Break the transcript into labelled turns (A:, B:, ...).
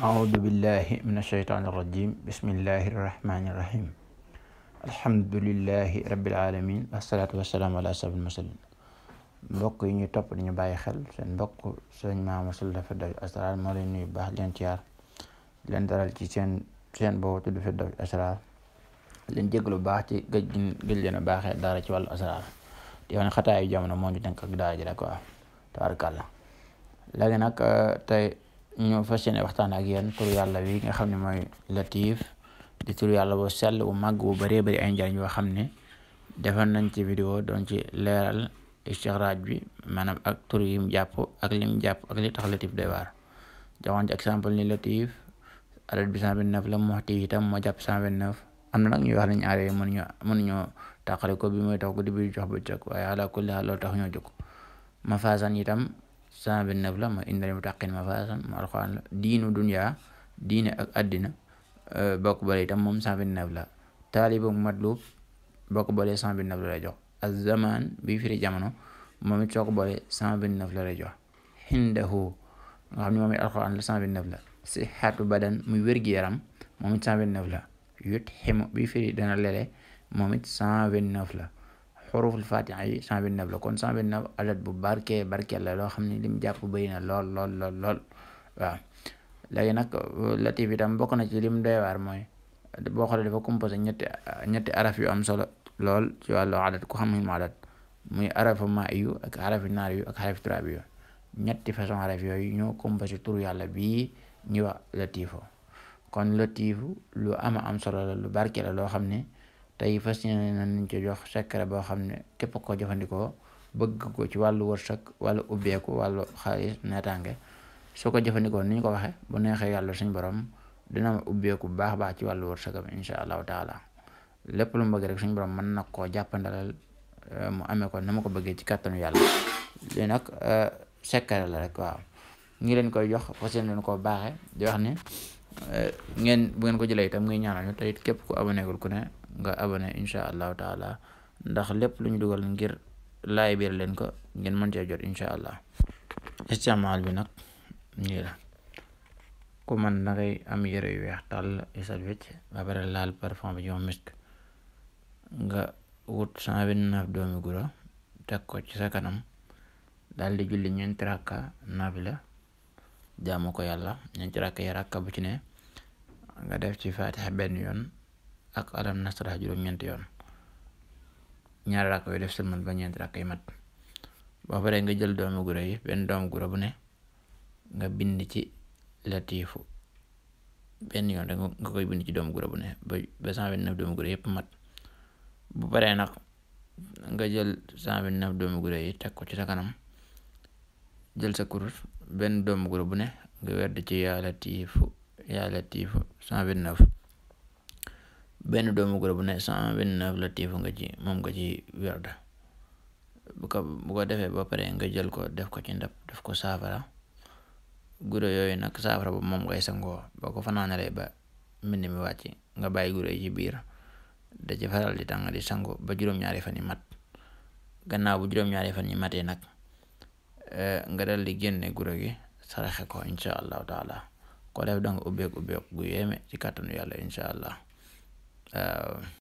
A: أعوذ بالله من الشيطان الرجيم بسم الله الرحمن الرحيم الحمد لله رب العالمين والصلاة والسلام على سيد المرسلين بوك ني توب ني باي خيل سن بوك سيرن مام صلى الله عليه وسلم مولاي ني باخ لين تيار لين دارال تي سن سن بو تود في دوج اسرار لين جيغلو باخ تي گاج دين گيل لينا باخه دارا تي والو اسرار دي وني خطاي جامنا مو ني دنك داجي دا كو تبارك الله لاغي نك تاي ñu fas yéene waxtaan ak yéen tur yàlla wi nga xam ne mooy Latif di tur yàlla bu sell bu màgg bu bëree bëri ay njariñ yoo xam ne defan nañ ci vidéo doon ci leeral istixraaj bi maanaam ak tur yim jàpp ak jàpp ak li tax Latif doy waar joxoon ci exemple ni Latif adat bi cent vingt neuf la Muxti itam moo jàpp cent vingt neuf am na nag ñu wax ne ñaar yooyu mënuñu mënuñoo tàqale ko bi mooy tax ko di bi jox bu bëccëg waaye ala kulli haal loolu tax ñoo jóg mafasan itam cent vingt neuf la mooy inna lil muttaqin mafaasan mu alxuraan la diinu dunya diine ak addina euh, bokk bale itam moom cent vingt neuf la taalibu matlub bokk bale cent vingt neuf jox az zaman firi jamono moom it soo ko bale cent vingt la lay jox xindahu nga xam ne moom it alxuraan la cent vingt neuf la badan muy wérgi yaram moom it cent vingt la yut ximu bi firi dana lele moom it cent vingt la حروف الفاتحة سامي النب لكون سامي النب عدد بباركة باركة لا لو خمني لم جاب بين لول لول لول لول léegi nag latif itam bokk na ci lim doy waar mooy boo xoolee dafa composé ñetti ñetti araf yu am solo lool ci wàllu adat ku xam xilmu adat muy arafu ma yu ak arafi naar yu ak arafi turaab yu ñetti façon araf yooyu ñoo composé tur yàlla bii ñuy wax latifo kon latifu lu ama am solo la lu barke la loo xam ne tey fas yéene nañ ci jox secret bo xamne kep ko jëfandiko bëgg ko ci wàllu wërsëg wàllu ubbeeku wàllu xaalis naataange su ko jëfandiko ni ñu ko waxe bu neexee yalla suñu borom dina ma ubbeeku bu baax baax ci walu wërsëgam insha allahu taala lepp lu mu rek suñu borom man na ko jàppandalal mu amé ko nama ko bëggee ci kàttanu yàlla li nag secret la rek waaw ñi leen koy jox fas yéene leen koo baaxe di wax ne ngeen bu ngeen ko jëlee itam ngay ñaanal ñu te képp ku abonné gul ku ne nga abonné incha allahu taala ndax lépp lu ñu dugal ngir laay biir leen ko ngeen mën cee jot incha allah istimaal bi nag nii ku man da am yére yu weex tàll yu set wecc ba laal parfum bi ñoom misk nga wut cent vingt-neuf teg ko ci sa kanam dal di julli ñeenti rakka nafila jaamu ko yàlla ñeenti rakka yi rakka bu ci ne nga def ci faatixa benn yoon ak alam nasra juróom-ñeenti yoon ñaari rakk yooyu def sëlmal ba ñeenti rakk yi mat boo paree nga jël doomu gura yi benn doomu gura bu ne nga bind ci latiifu benn yoon rek nga koy bind ci doomu guro bu ne ba cent vingt neuf doomu gura yëpp mat bu paree nag nga jël cent vingt neuf doomu gura yi teg ko ci sa kanam jël sa kurus benn doomu gura bu ne nga werd ci yaa latiifu yaa latiifu cent vingt neuf benn doomu guro bu ne cent vingt-neuf latifu nga ci moom nga ci werda bu ko bu ko defee ba pare nga jël ko def ko ci ndab def ko saafara guro yooyu nag saafara bu moom ngay sangoo boo ko fanaanaree ba mbind mi wàcc nga bàyyi guro yi ci biir da ci faral di tàng di sango ba juróom-ñaari fan yi mat gannaaw bu juróom-ñaari fan yi matee nag eh, nga dal di génne guro gi saraxe ko incha allahu taala ko def danga ubbeek ubbeek gu yéeme ci kàttanu yàlla incha allah uh,